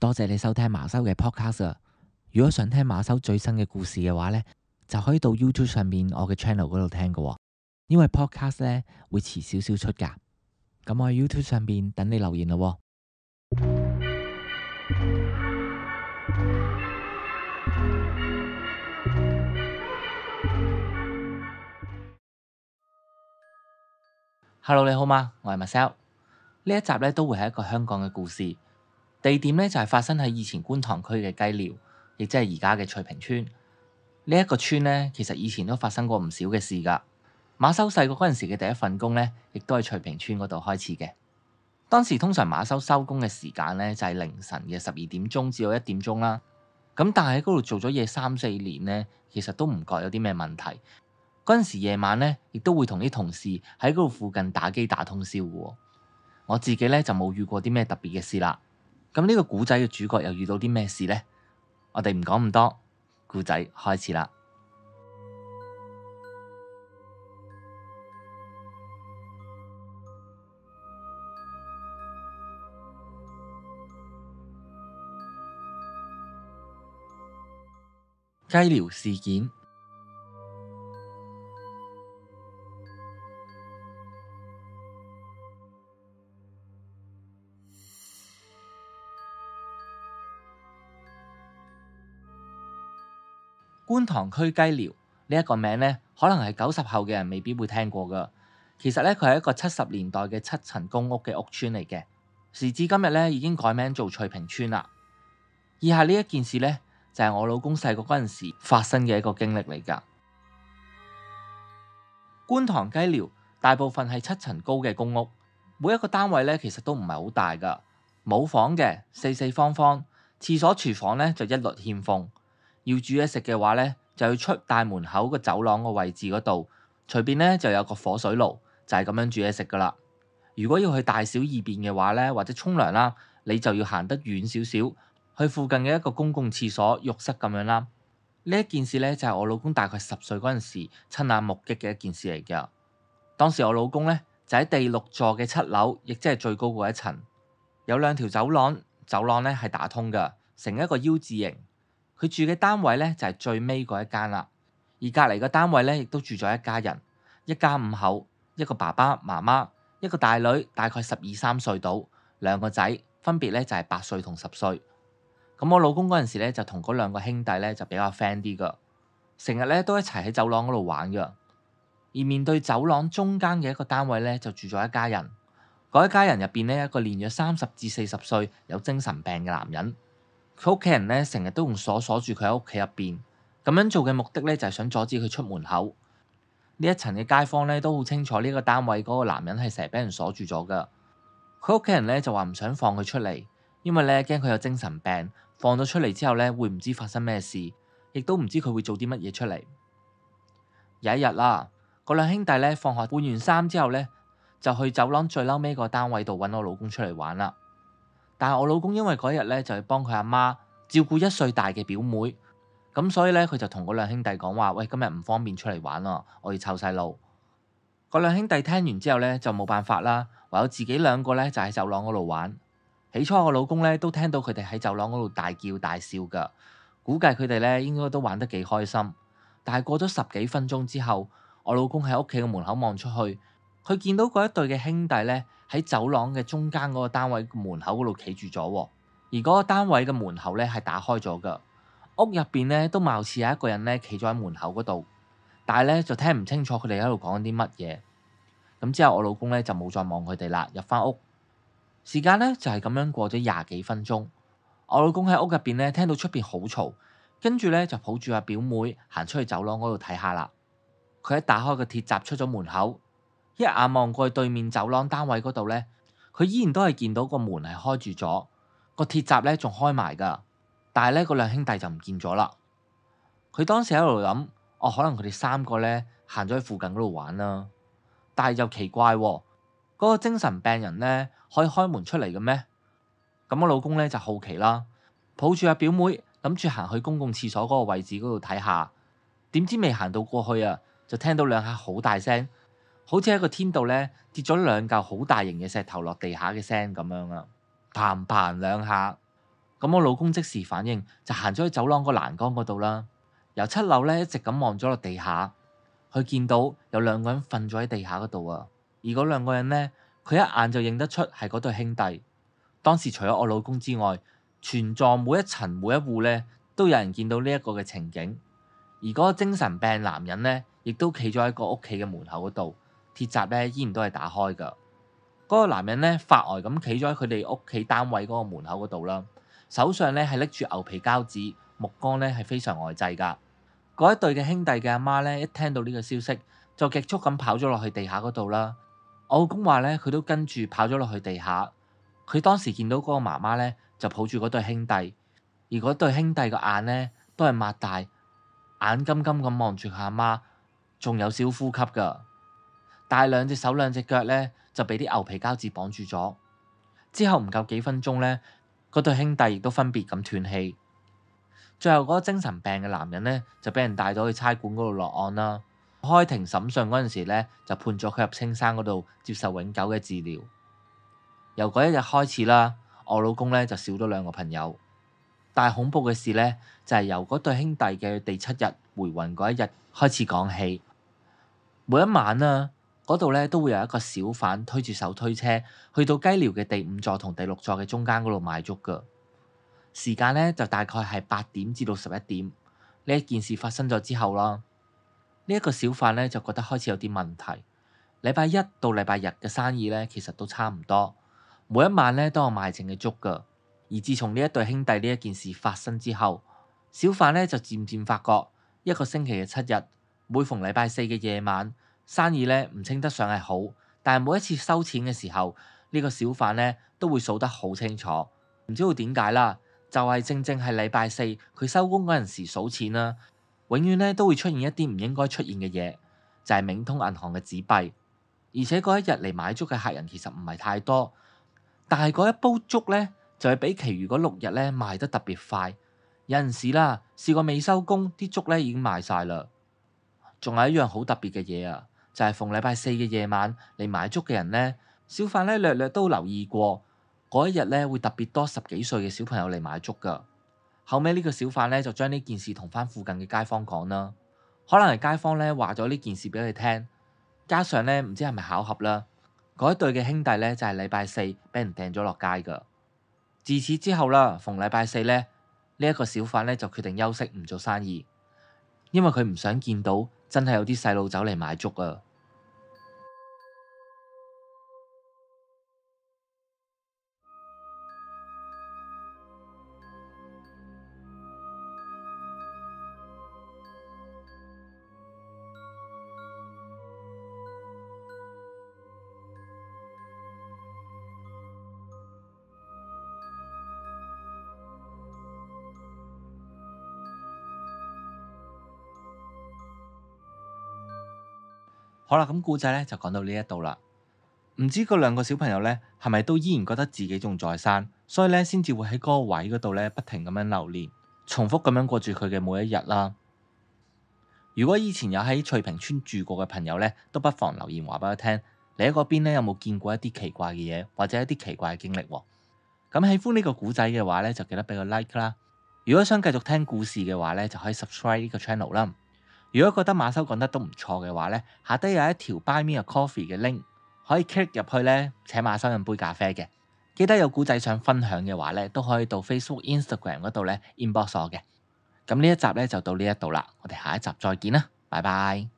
多謝你收聽馬修嘅 podcast。如果想聽馬修最新嘅故事嘅話呢，就可以到 YouTube 上面我嘅 channel 嗰度聽㗎。因為 podcast 呢會遲少少出㗎。咁我喺 YouTube 上面等你留言咯。Hello，你好嗎？我係 Marcel。呢一集呢都會係一個香港嘅故事。地點咧就係發生喺以前觀塘區嘅雞寮，亦即係而家嘅翠屏村呢一個村咧，其實以前都發生過唔少嘅事㗎。馬修細個嗰陣時嘅第一份工咧，亦都係翠屏村嗰度開始嘅。當時通常馬修收工嘅時間咧就係凌晨嘅十二點鐘至到一點鐘啦。咁但係喺嗰度做咗嘢三四年咧，其實都唔覺有啲咩問題。嗰陣時夜晚咧，亦都會同啲同事喺嗰度附近打機打通宵嘅。我自己咧就冇遇過啲咩特別嘅事啦。咁呢個古仔嘅主角又遇到啲咩事呢？我哋唔講咁多，古仔開始啦。雞寮事件。觀塘區雞寮呢一個名咧，可能係九十後嘅人未必會聽過噶其實咧，佢係一個七十年代嘅七層公屋嘅屋村嚟嘅。時至今日咧，已經改名做翠屏村啦。以下呢一件事咧，就係我老公細個嗰陣時發生嘅一個經歷嚟噶。觀塘雞寮大部分係七層高嘅公屋，每一個單位咧，其實都唔係好大噶，冇房嘅四四方方，廁所廚房咧就一律欠奉。要煮嘢食嘅話咧，就要出大門口個走廊個位置嗰度，隨便咧就有個火水爐，就係咁樣煮嘢食噶啦。如果要去大小二便嘅話咧，或者沖涼啦，你就要行得遠少少，去附近嘅一個公共廁所浴室咁樣啦。呢一件事咧就係我老公大概十歲嗰陣時親眼目擊嘅一件事嚟㗎。當時我老公咧就喺第六座嘅七樓，亦即係最高嗰一層，有兩條走廊，走廊咧係打通㗎，成一個 U 字形。佢住嘅單位咧就係最尾嗰一間啦，而隔離個單位咧亦都住咗一家人，一家五口，一個爸爸媽媽，一個大女，大概十二三歲到，兩個仔分別咧就係八歲同十歲。咁我老公嗰陣時咧就同嗰兩個兄弟咧就比較 friend 啲噶，成日咧都一齊喺走廊嗰度玩噶。而面對走廊中間嘅一個單位咧就住咗一家人，嗰一家人入邊咧一個年約三十至四十歲有精神病嘅男人。佢屋企人咧成日都用鎖鎖住佢喺屋企入邊，咁樣做嘅目的咧就係想阻止佢出門口。呢一層嘅街坊咧都好清楚呢個單位嗰個男人係成日俾人鎖住咗㗎。佢屋企人咧就話唔想放佢出嚟，因為咧驚佢有精神病，放咗出嚟之後咧會唔知發生咩事，亦都唔知佢會做啲乜嘢出嚟。有一日啦，嗰兩兄弟咧放學換完衫之後咧，就去走廊最嬲尾個單位度揾我老公出嚟玩啦。但係我老公因為嗰日咧就係幫佢阿媽，媽照顧一歲大嘅表妹，咁所以咧佢就同嗰兩兄弟講話：喂，今日唔方便出嚟玩咯，我要湊細路。嗰兩兄弟聽完之後咧就冇辦法啦，唯有自己兩個咧就喺走廊嗰度玩。起初我老公咧都聽到佢哋喺走廊嗰度大叫大笑㗎，估計佢哋咧應該都玩得幾開心。但係過咗十幾分鐘之後，我老公喺屋企嘅門口望出去。佢見到嗰一對嘅兄弟咧喺走廊嘅中間嗰個單位門口嗰度企住咗，而嗰個單位嘅門口咧係打開咗嘅，屋入邊咧都貌似有一個人咧企咗喺門口嗰度，但係咧就聽唔清楚佢哋喺度講緊啲乜嘢。咁之後我老公咧就冇再望佢哋啦，入翻屋。時間咧就係咁樣過咗廿幾分鐘，我老公喺屋入邊咧聽到出邊好嘈，跟住咧就抱住阿表妹行出去走廊嗰度睇下啦。佢一打開個鐵閘出咗門口。一眼望過去，對面走廊單位嗰度呢，佢依然都係見到個門係開住咗，個鐵閘咧仲開埋噶。但係咧，嗰兩兄弟就唔見咗啦。佢當時喺度諗：哦，可能佢哋三個咧行咗去附近嗰度玩啦、啊。但係又奇怪、啊，嗰、那個精神病人呢，可以開門出嚟嘅咩？咁我老公咧就好奇啦，抱住阿表妹諗住行去公共廁所嗰個位置嗰度睇下，點知未行到過去啊，就聽到兩下好大聲。好似喺個天度咧跌咗兩嚿好大型嘅石頭落地下嘅聲咁樣啊，嘭嘭兩下，咁我老公即時反應就行咗去走廊個欄杆嗰度啦，由七樓咧一直咁望咗落地下，佢見到有兩個人瞓咗喺地下嗰度啊，而嗰兩個人咧，佢一眼就認得出係嗰對兄弟。當時除咗我老公之外，全幢每一層每一戶咧都有人見到呢一個嘅情景，而嗰個精神病男人咧亦都企咗喺個屋企嘅門口嗰度。鐵閘咧依然都係打開噶。嗰個男人咧發呆咁企咗喺佢哋屋企單位嗰個門口嗰度啦，手上咧係拎住牛皮膠紙，目光咧係非常呆滯噶。嗰一對嘅兄弟嘅阿媽咧一聽到呢個消息，就極速咁跑咗落去地下嗰度啦。我老公話咧，佢都跟住跑咗落去地下。佢當時見到嗰個媽媽咧就抱住嗰對兄弟，而嗰對兄弟個眼咧都係擘大，眼金金咁望住佢阿媽，仲有少呼吸噶。但係兩隻手兩隻腳咧就俾啲牛皮膠紙綁住咗。之後唔夠幾分鐘咧，嗰對兄弟亦都分別咁斷氣。最後嗰個精神病嘅男人咧就俾人帶咗去差館嗰度落案啦。開庭審訊嗰陣時咧就判咗佢入青山嗰度接受永久嘅治療。由嗰一日開始啦，我老公咧就少咗兩個朋友。但係恐怖嘅事咧就係由嗰對兄弟嘅第七日回魂嗰一日開始講起。每一晚啊～嗰度咧都會有一個小販推住手推車去到雞寮嘅第五座同第六座嘅中間嗰度賣粥噶。時間咧就大概係八點至到十一點。呢一件事發生咗之後啦，呢、這、一個小販咧就覺得開始有啲問題。禮拜一到禮拜日嘅生意咧其實都差唔多，每一晚咧都有賣剩嘅粥噶。而自從呢一對兄弟呢一件事發生之後，小販咧就漸漸發覺一個星期嘅七日，每逢禮拜四嘅夜晚。生意咧唔稱得上係好，但係每一次收錢嘅時候，呢個小販咧都會數得好清楚。唔知道點解啦，就係正正係禮拜四佢收工嗰陣時數錢啦，永遠咧都會出現一啲唔應該出現嘅嘢，就係冥通銀行嘅紙幣。而且嗰一日嚟買粥嘅客人其實唔係太多，但係嗰一煲粥咧就係比其餘嗰六日咧賣得特別快。有陣時啦，試過未收工啲粥咧已經賣晒啦。仲係一樣好特別嘅嘢啊！就係逢禮拜四嘅夜晚嚟買粥嘅人呢，小販咧略略都留意過嗰一日咧會特別多十幾歲嘅小朋友嚟買粥㗎。後尾呢個小販咧就將呢件事同返附近嘅街坊講啦。可能係街坊咧話咗呢件事俾佢聽，加上咧唔知係咪巧合啦，嗰一對嘅兄弟咧就係禮拜四俾人掟咗落街㗎。自此之後啦，逢禮拜四咧呢一個小販咧就決定休息唔做生意，因為佢唔想見到。真係有啲細路走嚟買粥啊！好啦，咁故仔咧就講到呢一度啦。唔知嗰兩個小朋友咧係咪都依然覺得自己仲在生，所以咧先至會喺嗰個位嗰度咧不停咁樣留念，重複咁樣過住佢嘅每一日啦。如果以前有喺翠屏邨住過嘅朋友咧，都不妨留言話俾我聽，你喺嗰邊咧有冇見過一啲奇怪嘅嘢，或者一啲奇怪嘅經歷。咁喜歡呢個古仔嘅話咧，就記得俾個 like 啦。如果想繼續聽故事嘅話咧，就可以 subscribe 呢個 channel 啦。如果覺得馬修講得都唔錯嘅話呢，下底有一條 Buy Me A Coffee 嘅 link，可以 click 入去呢，請馬修飲杯咖啡嘅。記得有古仔想分享嘅話呢，都可以到 Facebook、Instagram 嗰度呢 inbox 我嘅。咁呢一集呢就到呢一度啦，我哋下一集再見啦，拜拜。